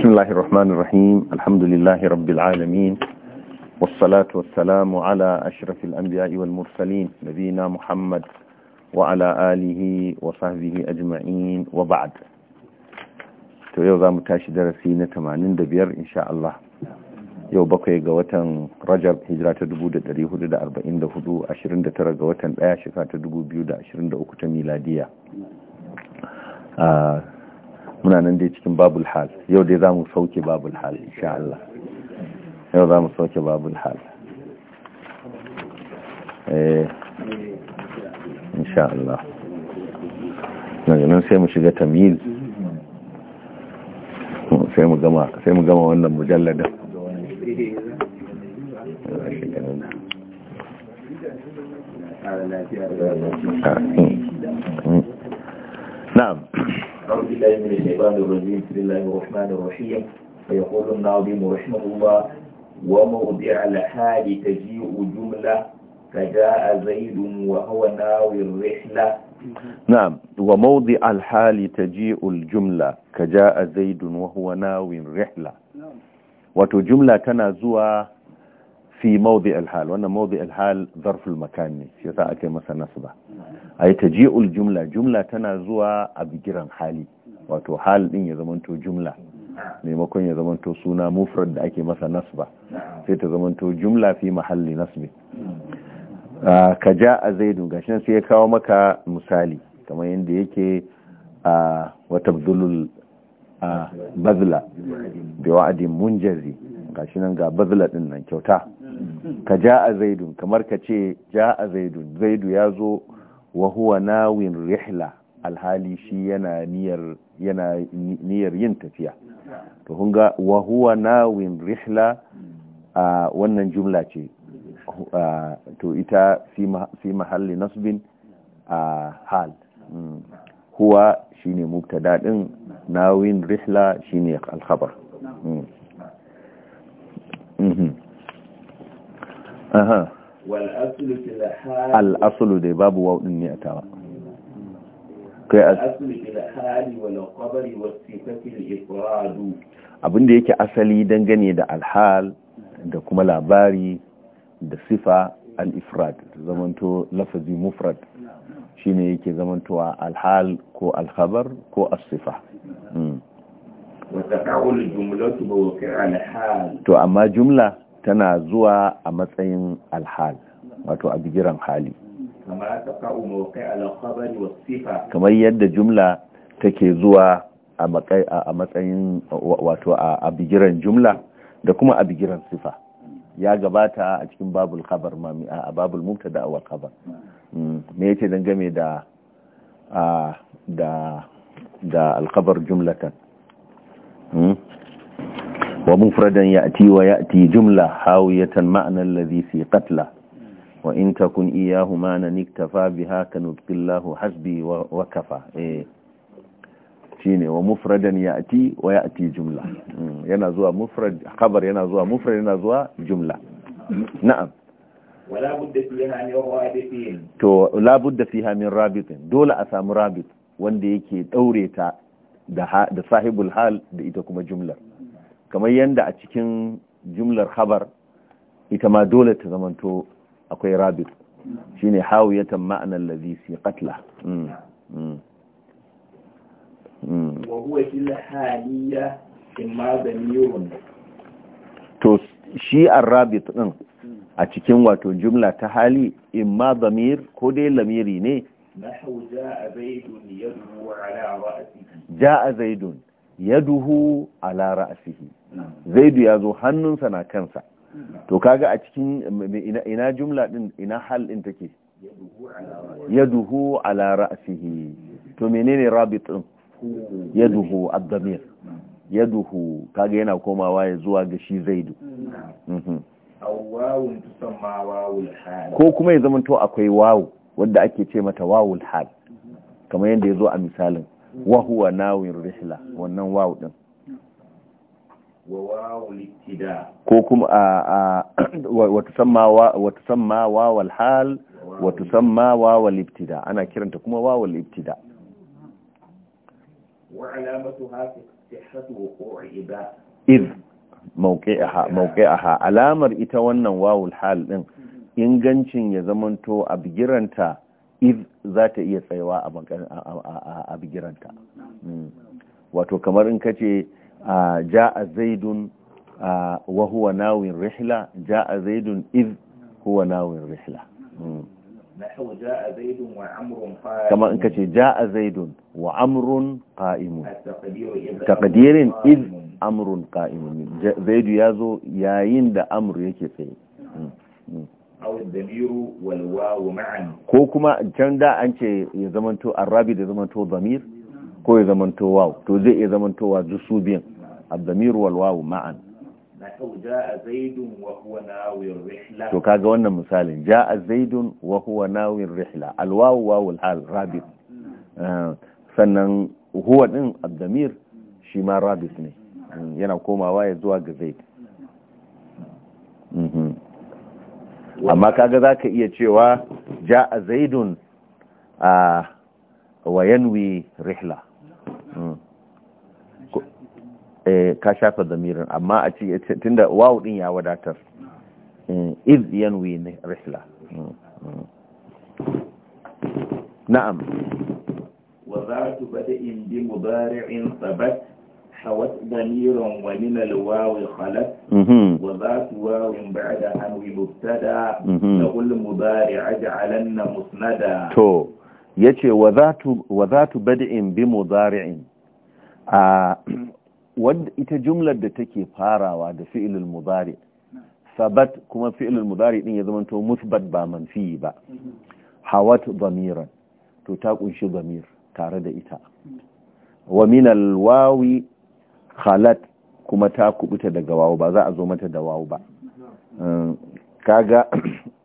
بسم الله الرحمن الرحيم الحمد لله رب العالمين والصلاة والسلام على أشرف الأنبياء والمرسلين نبينا محمد وعلى آله وصحبه أجمعين وبعد to yau za mu tashi darasi na 85 insha Allah yau bakwai ga watan Rajab hijira ta 1444 29 ga watan 1 shekara أشرين 2023 ta miladiya muna nan dai cikin babul hal yau dai za mu sauke babul hal insha Allah yau za mu sauke babul hal eh insha Allah nan sai mu shiga tamil sai mu gama sai mu gama wannan mujallada. Ah, hmm, hmm. na'am أعوذ بالله من الشيطان الرجيم بسم الله الرحمن الرحيم فيقول الناظم رحمه الله وموضع الحال تجيء جملة فجاء زيد وهو ناوي الرحلة نعم وموضع الحال تجيء الجملة كجاء زيد وهو ناوي الرحلة نعم وتجملة تنازوها fi mawdi alhal wannan mawdi alhal zarful makan ne shi yasa aka masa nasba ai taji'ul jumla jumla tana zuwa a bigiran hali wato hal din ya zamanto jumla maimakon ya zamanto suna mufrad da ake masa nasba sai ta zamanto jumla fi mahalli nasbi ka ja'a zaidu gashi sai ya kawo maka misali kamar yadda yake a wata bazla bi wa'adin munjazi gashi nan ga bazla din nan kyauta ka ja a zaidun kamar ka ce a zaidun zaidu ya zo wa huwa nawin rihla alhali shi yana niyar yana niyar yin tafiya to kun ga wa huwa nawin rihla a wannan jumla ce to ita fi mahalli nasbin a hal mm. huwa shine mubtada din nawin rihla shine al-khabar mm. Mhm. Abin da babu yake asali dangane da alhal da kuma labari da sifa al-ifrad zamanto lafazi mufrad shine yake zamantowa alhal ko alhabar ko as-sifa hmm. to amma jumla tana zuwa a matsayin alhal wato a bigiran hali kamar yadda jumla take zuwa a matsayin wato a bigiran jumla da kuma a bigiran sifa ya gabata a cikin babul khabar mami a babul mubtada wa khabar hmm, me yake dangane da da da alkhabar jumlatan Hmm? wa mufradan ya'ti wa ya'ti jumla hawiyatan ma'na alladhi fi qatla wa in takun iyahu ma niktafa biha kanubtillahu hasbi wa kafa eh shine wa mufradan ya'ti wa ya'ti jumla hmm. yana zuwa mufrad khabar yana zuwa mufrad yana zuwa jumla na'am wala budda fiha min rabitin to la budda fiha min rabitin dole a samu rabit wanda yake daure ta da sahibul hal da ita kuma jumlar kamar yadda a cikin jumlar habar ita ma dole ta zamanto akwai rabit shine hawiyatan ma'anar ladhi fi qatla mm. Mm. Mm. to shi rabit din a cikin wato jumla ta hali imma zamir ko dai lamiri ne نحو جاء زيد ya duhu رأسه جاء زيد يده على رأسه زيد يزو هنن سنا كنسا to kaga a cikin ina jumla din ina hal din take yaduhu ala ra'sihi to menene rabit din yaduhu ad-damir yaduhu kaga yana komawa ya zuwa ga shi zaidu ko kuma ya zamanto akwai wawu wadda ake ce mata wawul hal kamar yadda ya zo a misalin Wahuwa nawin rihla wannan wawu din ko kuma a wata samma wawal hal wata samma wawal ibtida ana kiranta kuma wawal ibtida iz a ha. alamar ita wannan wawul hal din ingancin ya zamanto a bigiranta if za ta iya tsayawa a bigiranta hmm. wato kamar in ka ce a zaidun wa huwa nawin rihla ja a zaidun if huwa nawin rihla kamar hmm. in kace ja a zaidun wa amrun ka'imun takadirin if amrun ka'imun zaidu ya zo yayin da amru yake tsaye hmm. damiru wal wawu ma'an ko kuma can da an ce ya zamanto arabi da zamanto damir ko ya zamanto waw to zai iya zamantowa wa su biyan ad-damir wal wawu ma'an to kaga wannan misalin ja'a zaidun wa huwa nawir rihla al wawu wawul hal rabit hmm. eh, sannan huwa din abdamir damir shi ma rabit ne hmm. yana komawa ya zuwa ga zaid amma kaga za ka iya cewa ja a zaidun a wayanwi rihla hmm. eh, ka shafa zamirin amma a ce tunda wawu din ya wadatar eh, iz yanwi rihla hmm. Hmm. na'am in bi بمضارع ثبت حوت ضمير ومن الواو خلت وذات واو بعد أنو مبتدا نقول مضارع جعلن مسندا تو yace wa zatu wa zatu bad'in bi mudari'in a ita jumlar da take farawa da fi'ilul mudari sabat kuma fi'ilul mudari din ya zama to musbat ba manfi ba hawat damiran to ta kunshi damir tare da ita wa min alwawi khalat kuma ta kubuta daga wawu ba za a zo mata da wawu ba eh, kaga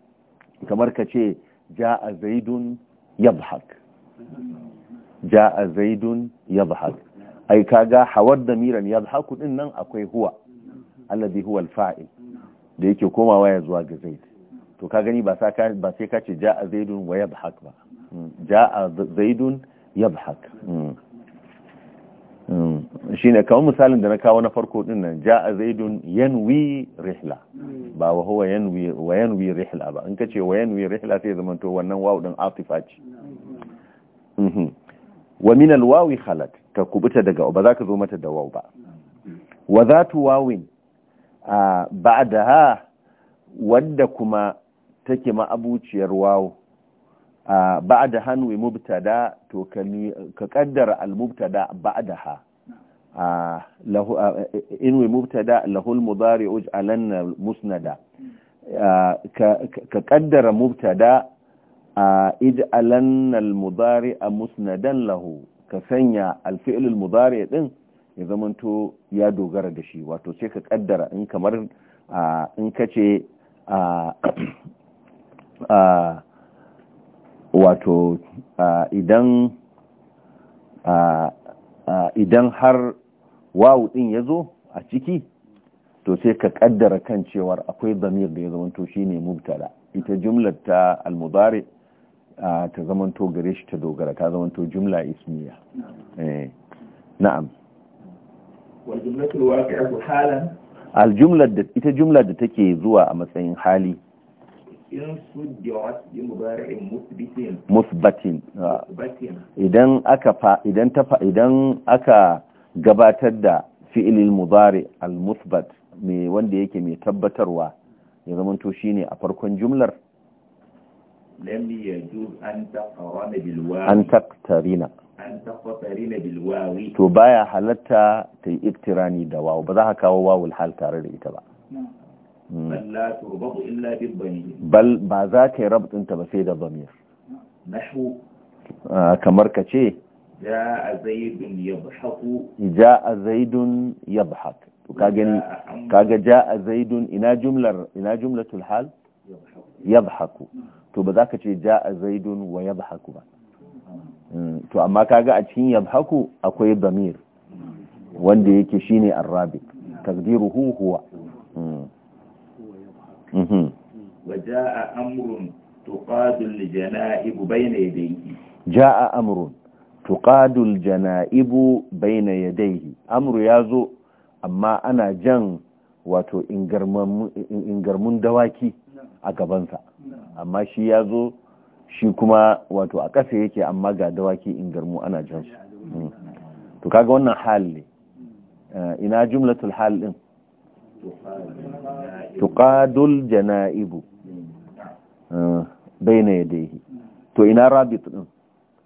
kamar ka ce ja a zaidun ja a zaidun yadhak ai kaga hawar da miran yadhaku din nan akwai huwa alladhi huwa al da yake komawa ya zuwa ga zaid to ka gani ba sai ka ce ja a zaidun wa yadhak ba hmm, ja a zaidun yadhak hmm. hmm. shine kawai misalin da na kawo na farko din nan a zaidun yanwi rihla ba wa huwa yanwi wa yanwi rihla ba in ka ce wa yanwi rihla sai zama to wannan wawu din atifa ce mhm. wa min alwawi khalat ka kubuta daga ba za ka zo mata da wawu ba wa zatu wawin ha wadda kuma take ma'abuciyar wawu ba'da hanwi mubtada to ka kaddara al-mubtada ha. in inwe mubtada lahul mudari uj'alanna musnada ka kaddara mubtada ij'alanna al-mudari musnadan lahu ka sanya al-fi'l al-mudari din ya zamanto ya dogara da shi wato sai ka kaddara in kamar in kace wato idan idan har wawu din ya zo a ciki to sai ka kaddara kan cewar akwai zamir da ya zamanto shi ne mubtala ita jumlar ta almubare ta zamanto gare shi ta dogara ta zamanto jumla ismiya eh, na'am aljumlar da ita jumla da take zuwa a matsayin hali musbatin idan aka idan ta idan aka gabatar da fi'ilil mudari al-musbat mai wanda yake mai tabbatarwa ya zamanto shine a farkon jumlar an taktarina to baya halatta ta yi iktirani da wawu ba za ka kawo wawul hal tare da ita ba bal hmm. ba za ta yi rabtinta ba sai da zamir ah, kamar ka ce ja a yabhaqu ja'a zaidun yabhaq to ka gani kaga ja'a zaidun ina jumlar ina jumlatul hal yabhaku to ba za ka ce ja a zaidun wa yabhaku ba to amma kaga a cikin yabhaku akwai damir wanda yake shine arabic taqdiruhu huwa وجاء أمر تقاد الجنائب بين ja a أمر tuqadul janaibu baina yadayhi amru yazo amma ana jan wato ingarmun dawaki a gabansa amma shi ya zo shi kuma wato a ƙasa yake amma ga dawaki ingarmu ana jan su hmm. to kaga wannan hal ne eh, ina jumlatul hal din tuqadul janaibu eh, baina yadayhi to ina rabit din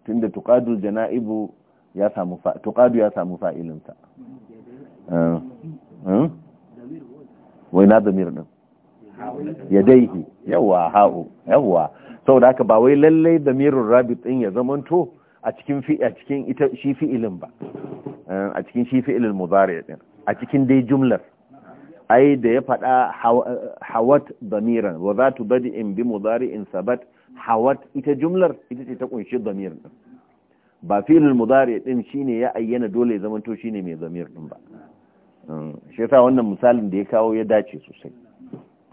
tunda tuqadu janaibu ya samu tuqadu ya samu fa'ilinsa eh, eh? wai na zamir din yadaihi yawa ha'u yawa saboda haka ba wai lallai zamirun rabit din ya zamanto a cikin fi a cikin ita shi fi'ilin ba eh, a cikin shi fi'ilin mudari din a cikin dai jumlar ai da ya faɗa hawat damiran wa za tu badi in bi in sabat hawat ita jumlar ita ce ta kunshi zamir din ba filin mudari din shine ya ayyana dole ya zamanto shine mai zamir din ba mm, shi yasa wannan misalin da ya kawo ya dace sosai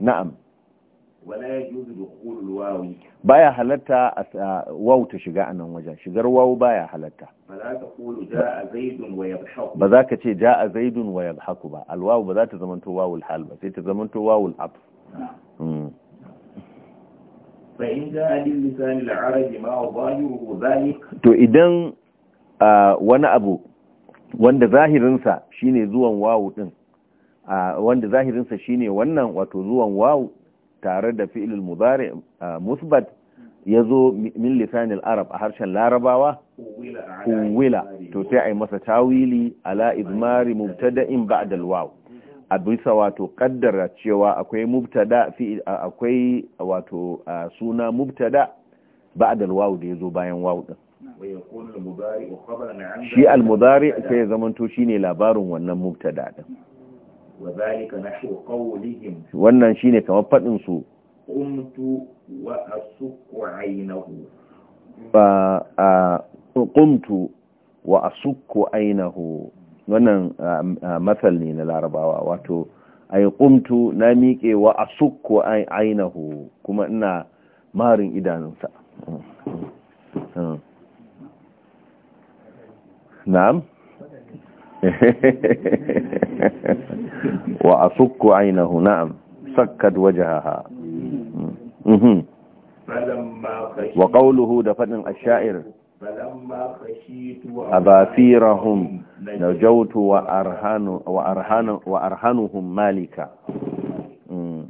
na'am wala yajuzu dukhulul wawi baya halatta wawu ta shiga a nan wajen shigar wawu baya halatta ba za ka Ba za ka ce ja'a zaidun wa yadhaku ba alwawu ba za ta zamanto wawul hal ba sai ta zamanto wawul ab to idan wani abu wanda zahirinsa shine zuwan wawu din wanda zahirinsa shine wannan wato zuwan wawu tare da fi'ilul mudari musbat ya zo min lisanil arab a harshen larabawa kuwila to sai a yi masa tawili ala izmari mubtada'in ba'dal wawu a bisa wato kaddara cewa akwai mubtada fi akwai wato suna mubtada ba'dal wawu da yazo bayan wawu din shi al-mudari sai ya zamanto shine labarin wannan mubtada din wannan shine kamar fadin su qumtu wa asuqu aynahu a qumtu wa asuqu aynahu wannan matsal ne na larabawa wato ai na miƙe wa a sukku ainihu kuma ina marin idanunsa hmm. Hmm. na'am wa a sukku ainihu na'am sakkad wajaha hmm. wa ƙauluhu da faɗin ashair a basirahun najautu wa arhanu wa arhanu wa arhanuhum malika mm.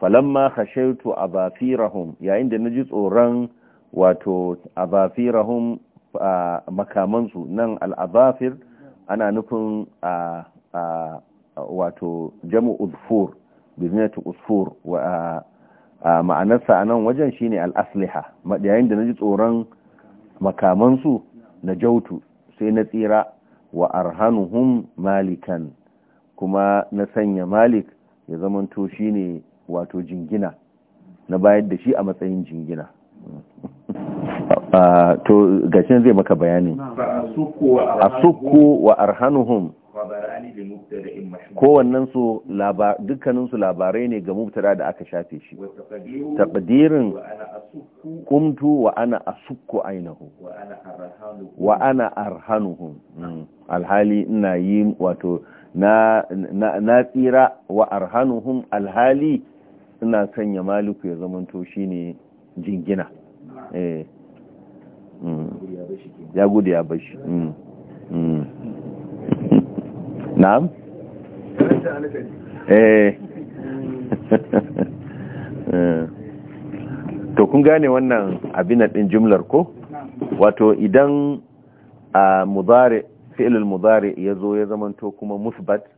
falamma khashaytu abafirahum yayin da naji tsoron wato abafirahum makamansu nan al-abafir ana nufin wato jamu udfur bizinatu usfur wa ma'anarsa a nan wajen shine al'asliha yayin da naji tsoron makamansu najautu sai na tsira wa arhanuhum malikan kuma na sanya malik ya zamanto shine wato jingina na bayar da shi a matsayin jingina ah, to gashin zai maka bayani a sukku wa arhanuhum kowannen su dukkanin su labarai ne ga mubtada da aka shafe shi taqdirin kumtu wa ana asukku ainihu wa ana arhanuhum hmm. alhali ina yi wato na tsira wa arhanuhum alhali ina sanya maliku ya zamanto ne jingina eh. hmm. ya gudu ya bashi hmm. na'am eh. eh to kun gane wannan abin din jumlar ko wato idan a mudari fi'il mudari yazo ya zamanto kuma musbat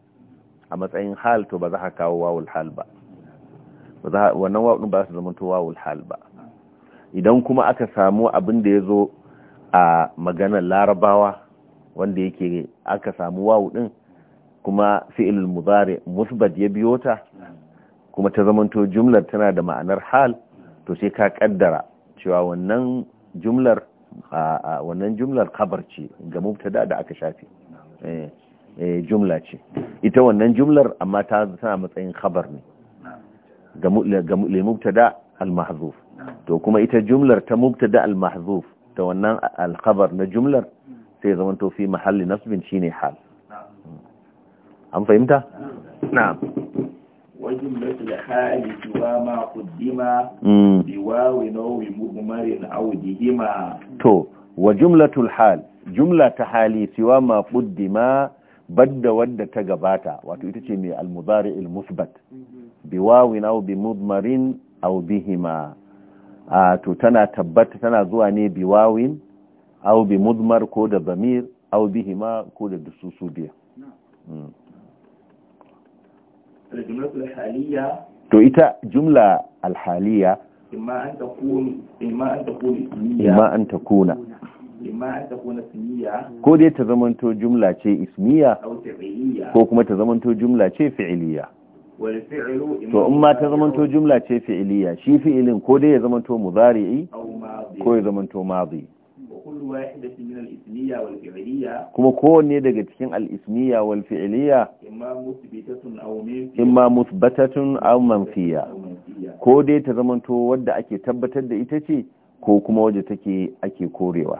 a matsayin hal to ba za ka kawo wawul hal ba wannan wawun ba su zamanto wawul hal ba idan kuma aka samu abin da yazo a maganar larabawa wanda yake aka samu wawu din kuma fi'il mudari musbat ya biyo ta kuma ta zamanto jumlar tana da ma'anar hal to sai ka kaddara cewa wannan jumlar wannan jumlar kabar ce ga mubtada da aka shafi eh, eh, jumla ce ita wannan jumlar amma ta tana matsayin kabar ne ga mubtada al-mahzuf to kuma ita jumlar ta mubtada al-mahzuf ta wannan al-khabar na jumlar sai zamanto fi mahalli nasbin shine hal an fahimta? na wajen mai da hali tuwa ma kuddima biwa mm. winowin mugumarin aujihima to wa jumlatul hal jumla ta hali siwa ma quddima badda wadda ta gabata wato ita ce mai almubari ilmusbat mm-hmm. bi wawin au bi mudmarin au bihima a to tana tabbata tana zuwa ne bi wawin au bi mudmar ko da bamir au bihima ko da dususu biya to ita jumla alhaliya imma an ta kuna ko dai ta zamanto jumla ce ismiya ko kuma ta zamanto jumla ce fi'iliya to in ma ta zamanto jumla ce fi'iliya shi fi'ilin ko dai ya zamanto muzari'i ko ya zamanto mazi kuma kowanne daga cikin al-ismiya wal fi'iliya in ma musbatatun aw manfiya ko dai ta zamanto wadda ake tabbatar da ita ce ko kuma wadda take ake korewa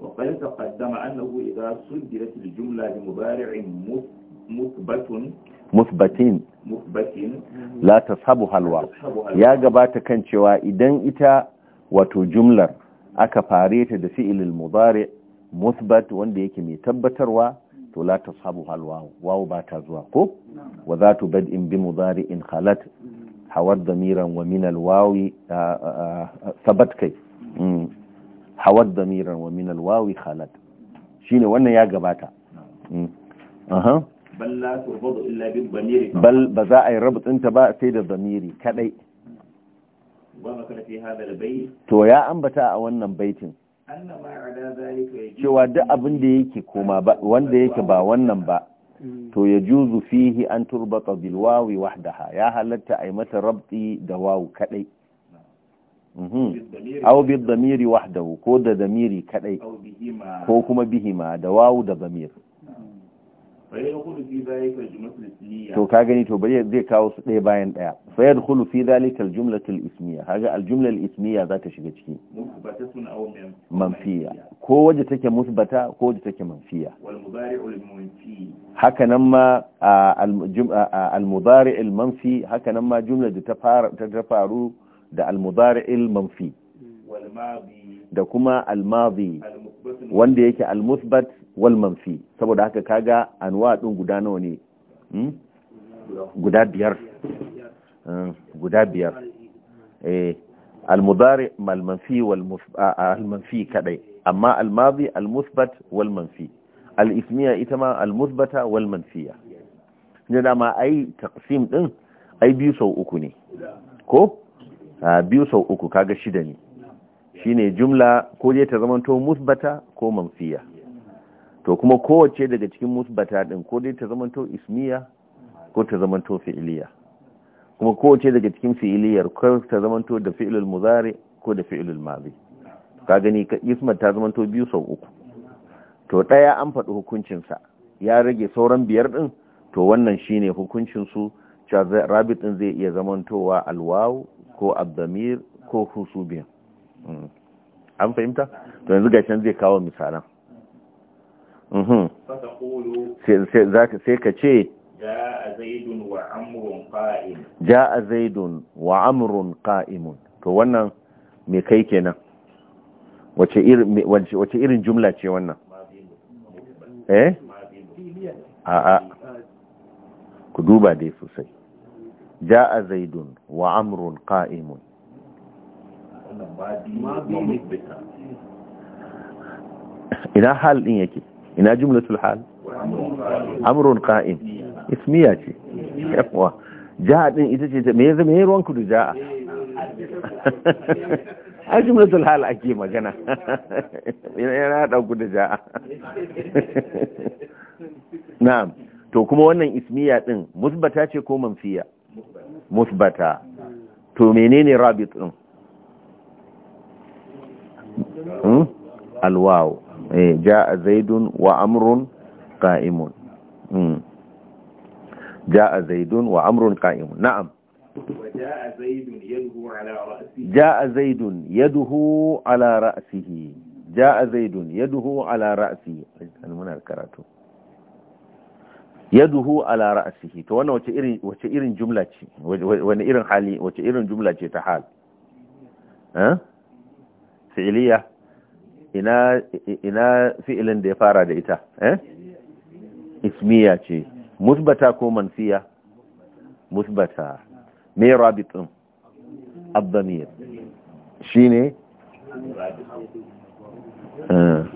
وقد تقدم أنه إذا صدرت الجملة بمبارع مثبت musbatin la ta sabu halwa ya gabata kan cewa idan ita wato jumlar aka fare ta da fi'ilil mudari musbat wanda yake mai tabbatarwa to la tashabu hal wawu wawu ba ta zuwa ko wa za tu bad in bi in khalat hawar damiran wa min al wawi sabat kai mm. hawar damiran wa min al wawi khalat shine wannan ya gabata mm. aha bal ba za a yi rabutsinta ba sai da zamiri kadai ma hada to ya ambata a wannan baitin cewa duk abin da yake koma ba wanda yake ba wannan ba mm. to ya juzu fihi an turbata bil wawi wahdaha ya halatta a mata rabti da wawu kadai mhm. aw bi damiri wahdahu ko da damiri kadai ko kuma bihima da wawu da damir to ka gani to bari zai kawo su ɗaya bayan ɗaya fa yadkhulu fi dhalika al-jumlatu al-ismiyya haga al-jumla al-ismiyya za ta shiga ciki manfiya ko waje take musbata ko waje take manfiya haka nan ma al-mudari al-manfi haka nan ma jumla da ta ta faru da al-mudari al-manfi da kuma al-madi wanda yake al-musbat wal manfi saboda haka kaga anwa din guda nawa ne hmm? guda biyar hmm, guda biyar eh al-mudari mal manfi wal al-manfi kadai amma al-madi al-musbat wal manfi al-ismiya ita ma al-musbata wal manfiya ne dama ai taqsim din ai biyu sau uku ne ko biyu sau uku kaga shida ne shine jumla ko je ta zamanto musbata ko manfiya to kuma kowace daga cikin bata din ko dai ta zamanto ismiya ko ta zamanto fi'iliya kuma kowace daga cikin fi'iliyar ko ta zamanto da fi'ilul muzari ko da fi'ilul mazi ka gani ismat ta zamanto biyu sau uku to ɗaya an faɗi hukuncinsa ya rage sauran biyar ɗin to wannan shine hukuncinsu rabit ɗin zai iya zamantowa alwawu ko abdamir ko husubiyan hmm. an fahimta to yanzu gashin zai kawo misalan Mhm. sai ka ce a zaidun wa amrun ka'imun to wannan me kai kenan wace irin jumla ce wannan eh a a ku duba dai sosai a zaidun wa amrun ka'imun ina hal din yake ina jumlatul hal amrun qa'im ismiya ce yawa ja'a din ita ce me yanzu me ruwan ku da ja'a a jumlatul hal ake magana yana da ku da ja'a na'am to kuma wannan ismiya din musbata ce ko manfiya musbata to menene rabit din hmm? Alwawo. Eh, ja'a zaidun wa amrun qa'imun hmm. ja'a zaidun wa amrun qa'imun na'am ja'a zaidun yaduhu ala ra'sihi ja'a zaidun yaduhu ala ra'sihi muna karatu yaduhu ala ra'sihi to wannan wace irin wace irin jumla ce wani irin hali wace irin jumla ce ta hal eh fi'liya ina ina fi'ilin da ya fara da ita eh ismiya ce musbata ko manfiya musbata me rabitin abdamir shine eh.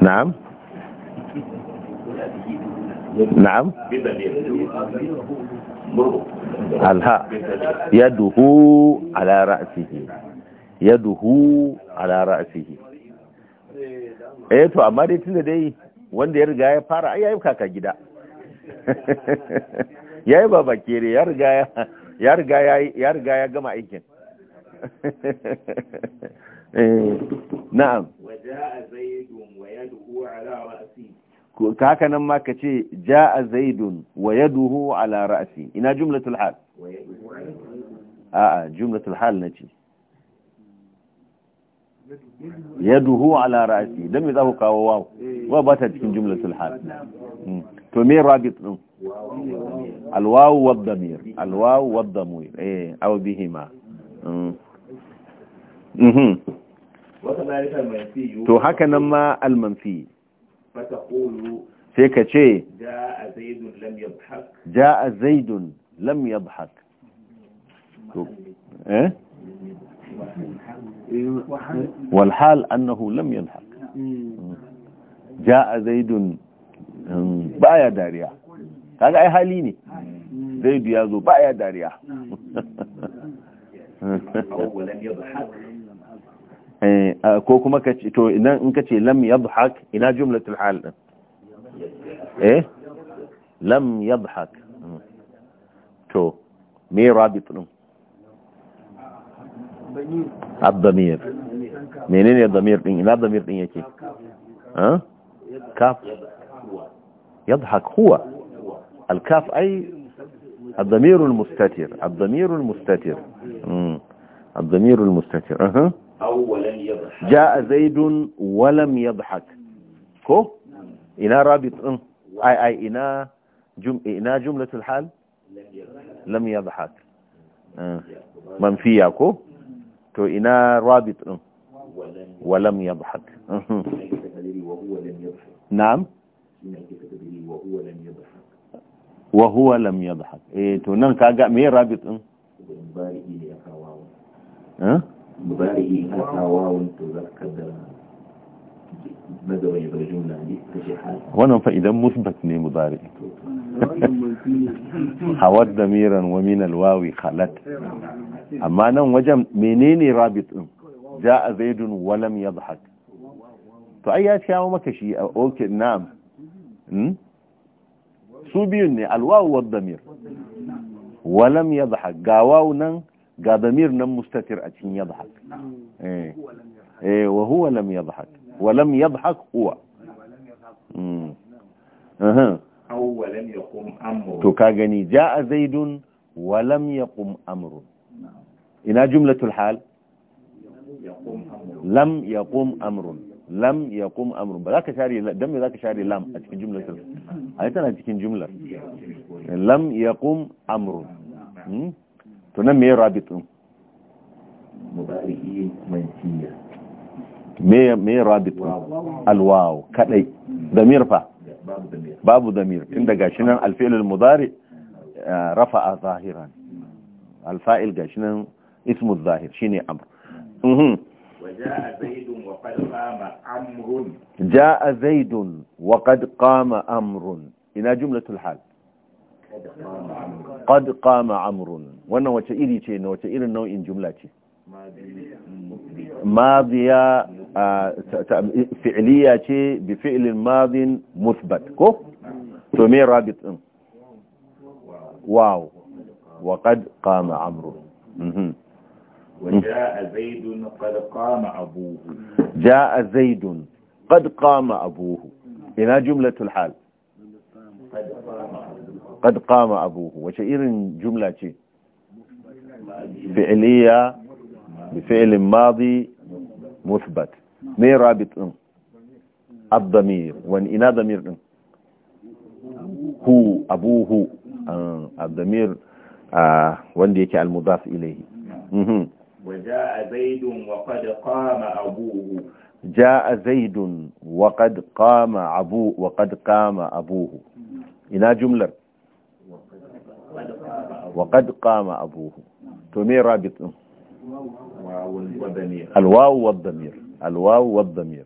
na'am na'am alha Ya ala ra'sihi yaduhu ala ra'sihi eh to amma dai tunda dai wanda ya riga ya fara ai yayi kaka gida yayi baba kere ya riga ya riga ya riga ya gama aikin eh na'am zaidun wa ka haka nan ma ka ce ja'a zaidun wa yaduhu ala ra'si ina jumlatul hal a'a jumlatul hal nace yaduhu ala ra'si dan me za ku kawo waw wa ba ta cikin jumlatul hal hmm. to me rabit din alwaw wad damir alwaw wad damir eh aw bihima hmm. mhm to haka nan ma al sai ka ce ja'a zaidun lam walhal annahu lam zaidun baya dariya kaga ai hali ne zaidu ya zo baya dariya Eh, ko kuma ka ce to idan in ka ce lam yadhak ina jumlatul hal din eh lam yadhak hmm. to me rabit din abdamir menene damir din ina damir din yake ha kaf yadhak huwa al-caf الكاف أي الضمير المستتر الضمير المستتر الضمير المستتر أه. ja'a zaidun walam yadhhak ko ina rabit din ai ina jum ina jumlatul hal lam yadhhak ko to ina rabit din walam yadhhak na'am wa huwa lam yadhhak eh to nan kaga me rabit din مضارعي هذا واو تذكر مدوي بالجملة دي hawar da miran wa minal wawi khalat amma nan wajen menene rabit din ja'a zaidun wa lam yadhhak to ai ya maka shi okay na'am su biyun ne alwawu wa damir wa lam yadhhak ga wawu nan ga damir nan mustatir a cikin yadhak eh wa huwa lam yadhak wa lam yadhak huwa hmm. to ka gani ja'a zaidun wa lam yaqum amrun ina jumlatul hal lam yaqum amrun lam ya kuma amurin ba za ka share me za ka lam a cikin jumlar a yi tana cikin jumlar lam ya kuma amurin to nan meye rabit din meye rabit din alwaw kadai damir fa babu damir tun daga shi nan alfi'il mudari eh, rafa'a zahiran alfa'il gashi nan ismu zahir shine amr جاء زيد وقد قام امر جاء زيد وقد قام امر الحال قد قام qad qama amrun wannan wace iri ce na wace irin nau'in jumla ce madiya fi'liya ce bi fi'lin madin musbat ko to me rabit din واو وقد قام عمرو وجاء زيد قد قام أبوه جاء زيد قد قام أبوه هنا جملة الحال قد قام أبوه وش إيرن جملة شيء فعلية بفعل ماضي مثبت ما رابط إن الضمير وان إنا ضمير إن هو أبوه الضمير وان ديك المضاف إليه وجاء زيد وقد قام أبوه جاء زيد وقد قام أبوه وقد قام أبوه ina jumlar waƙad ƙama abuhu to me rabit ɗin alwawu waddamir alwawu waddamir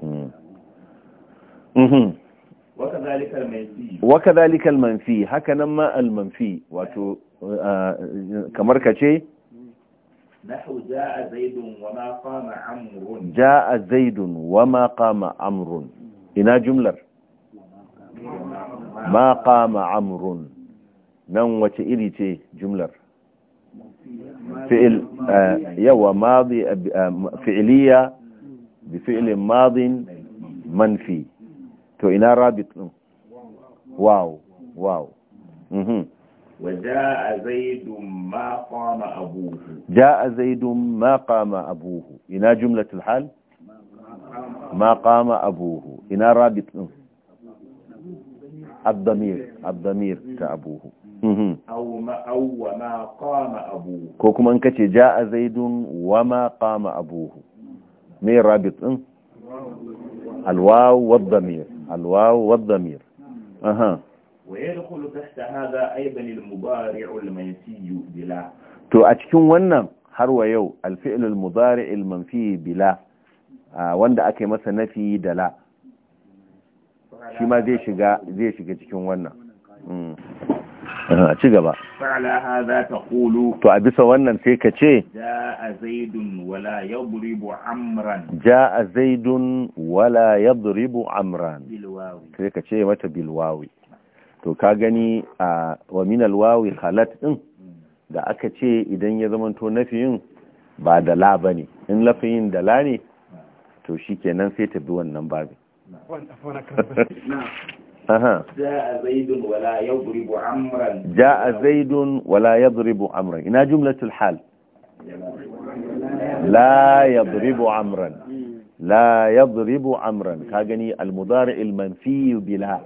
hmm. mhm. waka zalikar manfi haka nan ma almanfi wato eh, kamar ka ce ja'a zaidun wa ma ƙama amurun ina jumlar ما قام عمر نن وتئلي تي جملة فعل آه، يو ماضي آه، آه، فعلية بفعل ماض منفي تو إنا رابط واو واو وجاء زيد ما قام أبوه جاء زيد ما قام أبوه إنا جملة الحال ما قام أبوه إنا رابط مهم. الضمير الضمير تأبوه او ما او وما قام ابوه أبوه كوكما انكتي جاء زيد وما قام ابوه مين رابط الواو والضمير الواو والضمير اها ويدخل تحت هذا ايضا المضارع المنفي بلا تو ا cikin wannan har أتكون ونم هروا يو الفعل المضارع المنفي بلا آه وند أكي مثلا نفي دلا shi ma zai shiga zai shiga cikin wannan mm. a ah, ci gaba to a bisa wannan sai ka ce ja'a zaidun wala yadribu amran ja'a zaidun wala yadribu amran sai ka ce mata bilwawi to ka gani a wa min alwawi halat din mm. da aka ce idan ya zamanto nafiyin ba da la ne. in lafiyin da la ne mm. to shi shikenan sai ta bi wannan babin جاء زيد ولا يضرب عمرا هنا جملة الحال لا يضرب عمرا لا يضرب عمرا كاغني المضارع المنفي بلا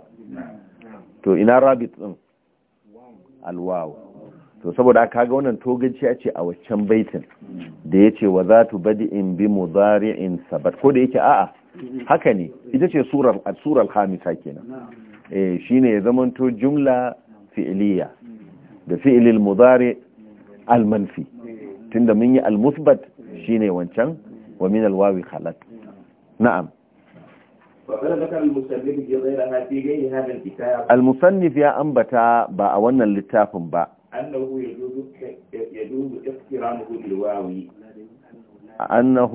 تو إنا رابط الواو to saboda kaga wannan toganci ya ce a waccan baitin da ya ce wa za tu badi in bi mudari'in sabat ko da yake a'a haka ne ita ce surar surar hamisa kenan eh ne ya zamanto jumla fi'iliya. da fi'ilil mudari al manfi tunda mun yi almusbat shi ne wancan wa min alwawi wawi khalat na'am المصنف يا أنبتا با أولا للتافن با أنه يجوز اقترانه بالواوي أنه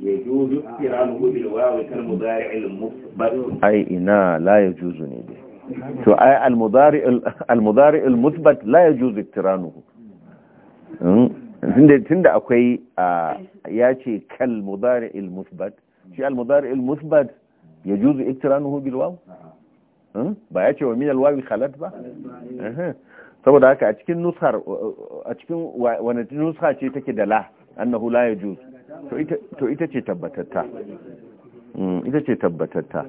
يجوز اقترانه بالواو كالمضارع المثبت اي انا لا يجوز نيدي تو اي المضارع المضارع المثبت لا يجوز اقترانه tunda tunda akwai ya ce kal mudari al musbat shi al mudari al musbat yajuzu iktiranuhu bil ba ya ce wa min al waw khalat ba saboda haka a cikin nusar a cikin wani nusa ce take da la annahu la yajuzu to ita ce tabbatatta mm, ita ce tabbatatta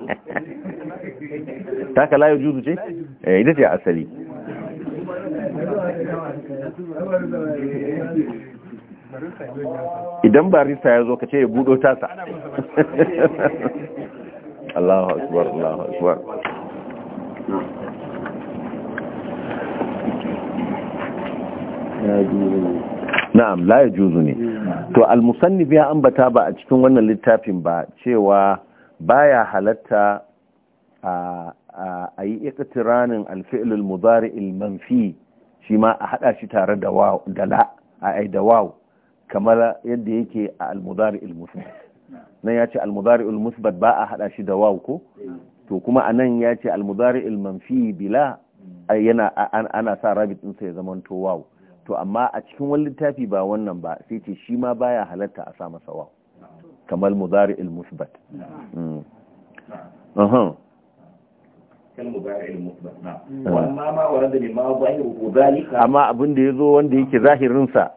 taka layo juzu ce eh, ita ce asali idan barista ya zo ka ce ya budo tasa Allahu akbar Allahu akbar ya na'am la yajuzu ne to al-musannif ya ambata ba a cikin wannan littafin ba cewa baya halatta a yi iqtiranin al-fi'l al-mudari al-manfi shi ma a hada shi tare da waw da la ai da waw kamar yadda yake a al-mudari al-musbat nan ya ce al-mudari al-musbat ba a hada shi da waw ko to kuma anan ya ce al-mudari al-manfi bila yana ana sa rabit din sa ya zamanto waw to amma a cikin wani littafi ba wannan ba sai ce shi ma baya halatta a samu sawa kamar muzari ilmusbat amma abin da ya zo wanda yake zahirinsa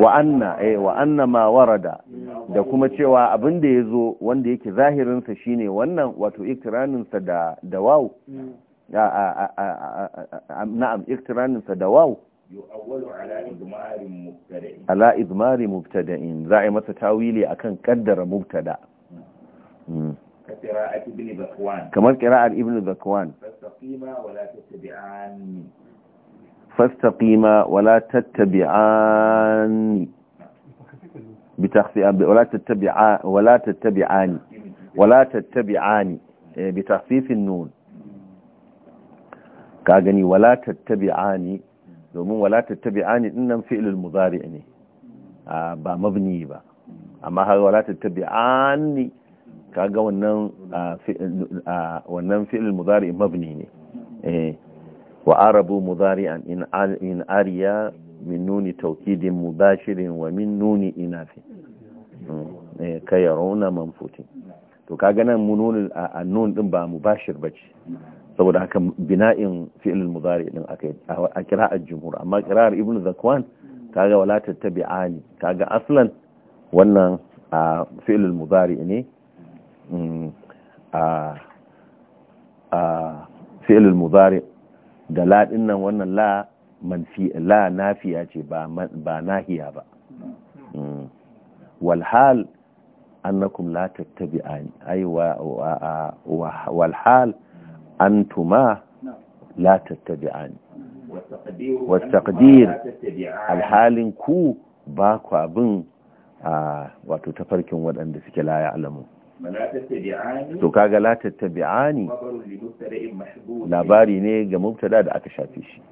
wa'anna eh wa'anna ma warada da kuma cewa abin da ya zo wanda yake zahirinsa shine wannan wato ikiraninsa da da آه، آه، آه، نعم اقتران فدواو يؤول على إضمار مبتدئ على إضمار مبتدئ ذا تاويلي أكن قدر مبتدأ كقراءة ابن ذكوان كما قراءة ابن ذكوان فاستقيما ولا تتبعان فاستقيما ولا تتبعان بتخفيف ولا تتبع ولا تتبعان ولا تتبعان إيه، بتخفيف النون ka gani wala tattabi'ani domin wala tattabi'ani din nan fi'ilul mudari ne ba mabni ba amma har wala tattabi'ani kaga wannan wannan fi'ilul mudari mabni ne eh, wa arabu mudari'an in ariya min nuni tawkidin mubashirin wa min nuni inafi hmm, eh, ka kayaruna manfutin to kaga nan mununul annun din ba mubashir bace saboda haka bina'in fi'il mudari din akai a kira'ar jumhur amma kira'ar ibnu zakwan kaga wala tattabi'ani kaga aslan wannan a fi'il mudari ne mm, a a fi'il mudari da la nan wannan la manfi la nafiya ce ba ba nahiya ba mm. wal hal annakum la tattabi'ani ay wa wal hal antuma la تتبعان والتقدير alhalin ku ba ku abin wato tafarkin waɗanda suke يعلمو to kaga la tattabi'ani labari ne ga mubtada da aka shafe shi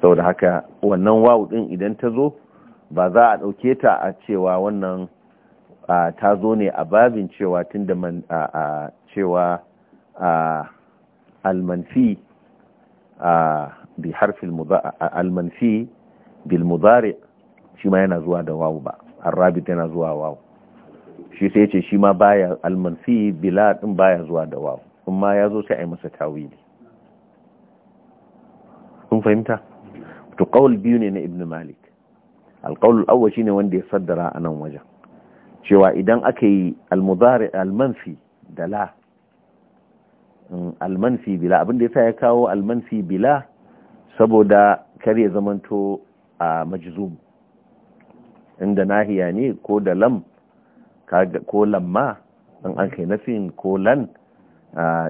saboda haka wannan wawu din idan ta zo ba za a ɗauke ta a cewa wannan ta zo ne a babin cewa tunda man cewa المنفي بحرف المنفي بالمضارع shi ma yana zuwa da wawu ba arrabit yana zuwa wawu shi sai yace shi ma baya almanfi bila din baya zuwa da wawu in ma ya zo sai a yi masa tawili kun fahimta to qaul biyu ne na ibn malik alqaul al-awwal shine wanda ya saddara anan wajen cewa idan aka yi almudari almanfi da la Mm, almanfi bila abin da sa ya kawo almanfi bila saboda kar ya zamanto a majizum. inda nahiya ne ko da lam ko lamma in an kai nafin ko lan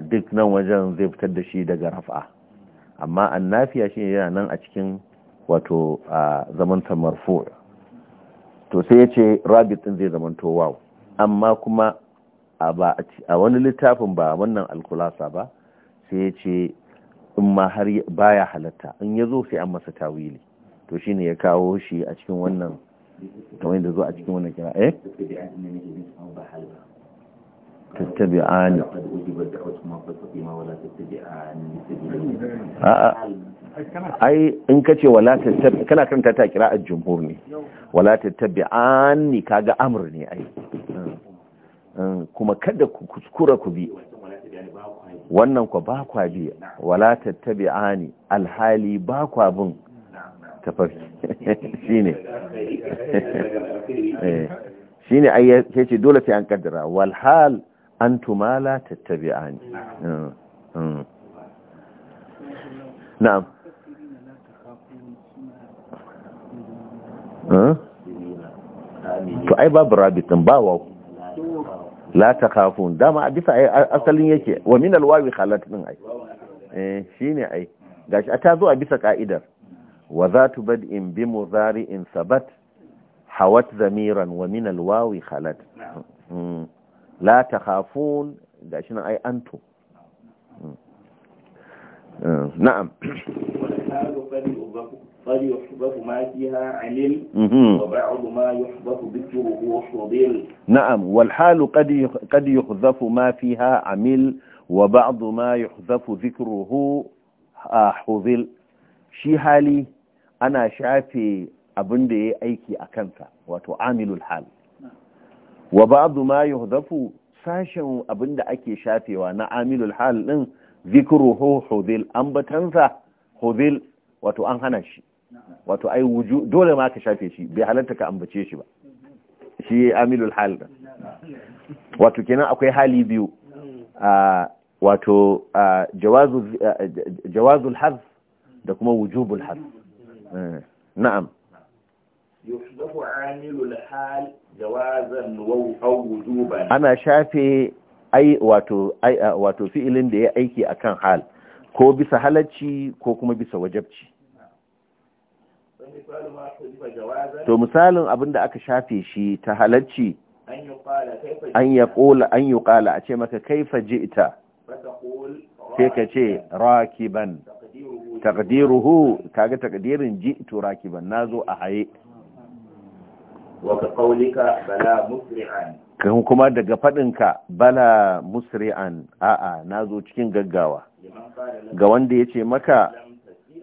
duk nan wajen zai fitar da shi daga rafa amma an nafiya shi yana nan a cikin wato zamanta marfu to sai ya ce rabit din zai zamanto wow amma kuma a wani littafin ba wannan alkulasa ba sai ya ce in ma har baya halatta in ya zo sai an masa tawili to shine ya kawo shi a cikin wannan kamar yadda zo a cikin wannan kira eh tattabi'ani ai in ka ce wala tattabi kana karanta ta kira a jumhur ne wala tattabi'ani kaga amr ne ai Eh, kuma kada ku kuskura ku bi wannan ku ba kwa bi wala tattabi'ani alhali ba kwa bin tafarki shine eh, shine ai ce dole sai an kaddara wal hal antuma la tattabi'ani eh, na'am to ai babu rabitin ba wawo la takhafun dama a bisa ai asalin yake wa min alwawi khalat din ai eh shine ai gashi ta zo a bisa ka'idar wa zatu bad'in bi in sabat hawat zamiran wa min alwawi khalat hmm. la takhafun gashi nan ai antum na'am قد يحبط ما فيها علم وبعض ما يحبط ذكره صبيل نعم والحال قد قد يحذف ما فيها عمل وبعض ما يحذف ذكره حذل shi hali ana shafe abin da ya aiki a kansa wato amilul hal wa ba'du ma yuhdafu sashen abin da ake shafewa na amilul hal din hudil an batansa hudil wato an hana shi wato ai wuju dole ma ka shafe shi bai halarta ka ambace shi ba shi amilul hal wato kenan akwai hali biyu wato jawazul haz da kuma wujubul haz eh, na'am yuhdafu amilul hal jawazan wa wujuban ana shafe ai wato ai wato fi'ilin da ya aiki akan hal ko bisa halacci ko kuma bisa wajabci to misalin abin da aka shafe shi ta halacci an ya kola an yi kala a ce maka kaifa ita sai ka ce rakiban takdiruhu kaga takdirin ji'tu rakiban nazo a haye wa ka qaulika bala musri'an kan kuma daga faɗinka bala musri'an a'a na zo cikin gaggawa ga wanda ya ce maka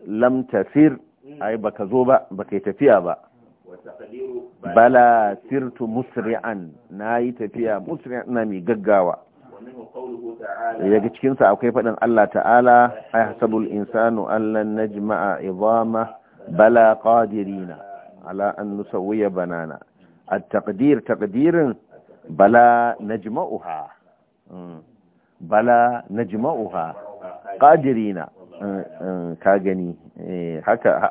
lam tasir ai baka zo ba baka yi tafiya ba bala sirtu musri'an na yi tafiya musri'an na mai gaggawa daga cikinsa akwai faɗin Allah ta'ala ai hasabul insanu allan najma'a idama bala qadirina ala an nusawwiya banana at taqdir taqdirin bala najma'uha mm. bala najma'uha qadirina mm, mm, ka gani eh, haka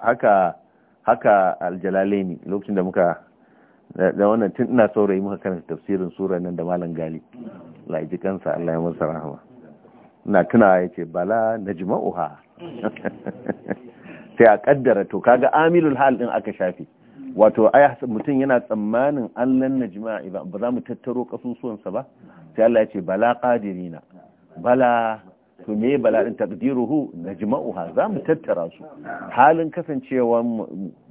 haka lokacin da muka da wannan tun ina saurayi muka karanta tafsirin sura nan da malam gali la ji kansa Allah ya masa rahama ina tunawa yace bala najma'uha sai a kaddara to kaga amilul hal din aka shafe wato ai mutum yana tsammanin an lanna jima'i ba za mu tattaro kasusuwansa ba sai Allah ya ce bala qadirina bala to me bala din takdiruhu ha za mu tattara su halin kasancewa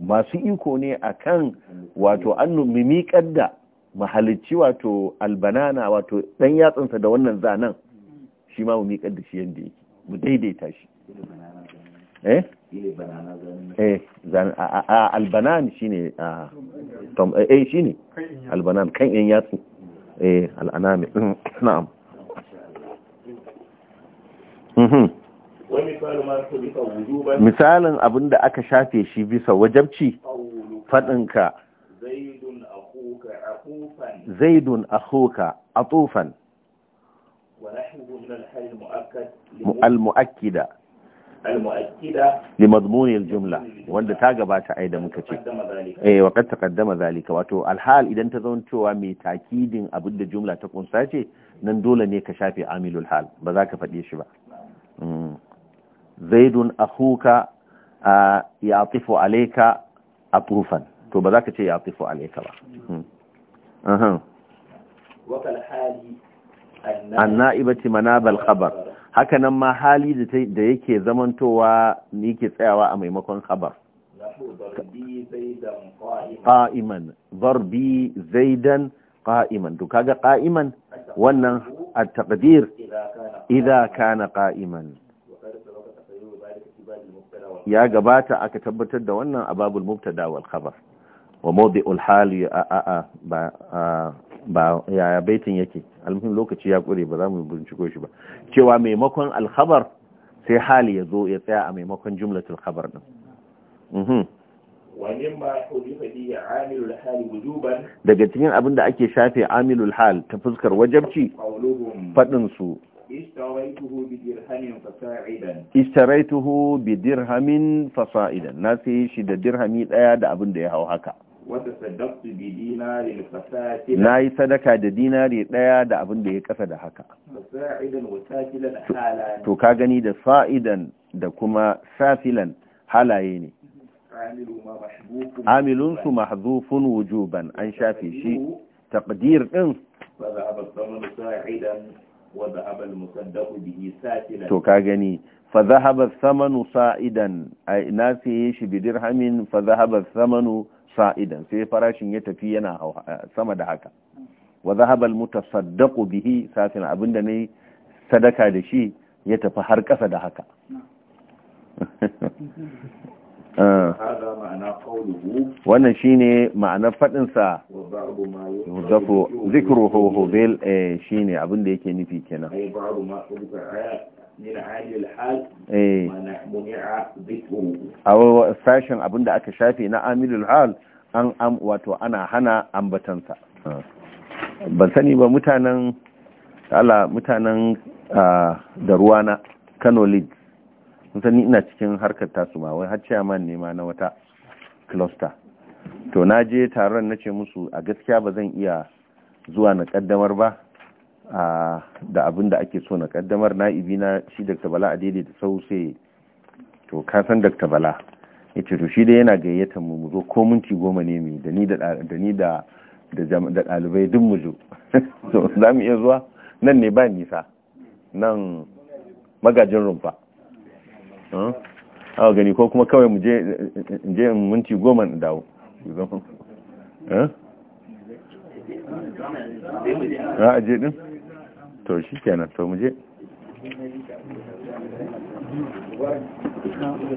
masu iko ne akan wato annu mimi kadda mahalicci wato albanana wato dan yatsansa da wannan zanan shi ma mu miƙar da shi yanda yake mu daidaita shi eh shine banana albanan kan yan yatsu eh na'am mhm. misalin abin da aka shafe shi bisa wajabci faɗinka zaidun ahoka a tsofan al-mu'akkida لمضمون الجملة wanda ta gabata ai da muka ce eh wa qad taqaddama zalika wato alhal idan ta zama cewa mai takidin abin da jumla ta kunsa ce nan dole ne ka shafe amilul hal ba za ka faɗe shi ba zaidun akhuka ya'tifu alayka atrufan to ba za ka ce ya'tifu alayka ba aha wa kal hali an manabal khabar hakanan ma hali da yake zamantowa yake tsayawa a maimakon khabar qa'iman darbi zaidan qa'iman to kaga qa'iman wannan at-taqdir idza kana qa'iman ya gabata aka tabbatar da wannan a babul mubtada wal khabar wa mawdi'ul hali a a ba ba yaya baitin yake almuhim lokaci ya kure ba za mu binciko shi ba cewa maimakon alkhabar sai hali ya zo ya tsaya a maimakon jumlatul khabar din mhm. daga cikin abin da ake shafe amilul hal ta fuskar wajabci fadin su ishtaraituhu bi dirhamin fasa'idan na sai shi da dirhami daya da abin da ya hau haka na yi sadaka da dinari ɗaya da abin da ya kasa da haka to ka gani da fa'idan da kuma safilan halaye ne amilunsu mahzufun wujuban an shafe shi taqdir ɗin. to ka gani fa zahabar samanu sa'idan na siye shi bidir bidirhamin fa zahabar samanu sa'idan sai farashin ya tafi yana sama da haka wa zahaba saddaku bihi safin abinda ne sadaka da shi ya tafi har kasa da haka ah. wannan shine ma'anar fadin sa zikru hubil shine abinda yake nufi kenan a sashen abin da aka shafe na amilul hal an am wato ana hana ambatansa ban sani ba mutanen ala mutanen da ruwana kano leeds sani ina cikin harkar tasu ma wai har chairman na wata cluster to na je taron na ce musu a gaskiya ba zan iya zuwa na kaddamar ba da abin da ake so na kaddamar na'ibi na shi dr bala a daidai da sau sai to kasan dr bala ya ce to shi dai yana gayyata mu zo ko minti goma ne mu da ni da da ɗalibai duk mu zo so za mu iya zuwa nan ne ba nisa nan magajin rumfa hmm? a gani ko kuma kawai mu je minti goma na dawo hmm? a je din to shi kenan to muje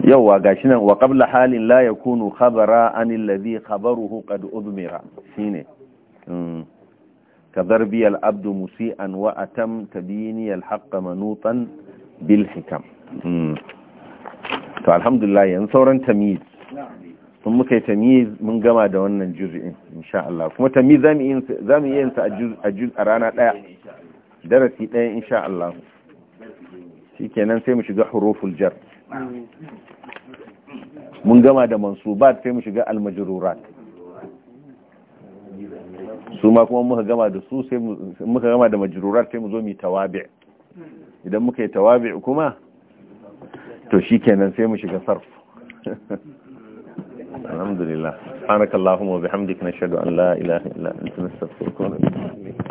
yawwa gashi nan wa qabla halin la yakunu khabara an alladhi khabaruhu qad udmira shine um mm. kadarbi al abdu musian wa atam tabini al haqq manutan bil hikam mm. to alhamdulillah yan sauran tamyiz sun muka yi mun gama da wannan juz'in insha Allah kuma tamyiz zamu yin sa a juz a rana daya darasi ɗaya insha Allah shi shikenan sai mu shiga huruful jar mun gama da mansubat sai mu shiga almajrurat su ma kuma muka gama da su sai muka gama da majrurat sai mu zo mu tawabi idan muka yi tawabi kuma to shi shikenan sai mu shiga sarf alhamdulillah subhanakallahumma wa bihamdika nashhadu an la ilaha illa anta nastaghfiruka wa natubu ilayk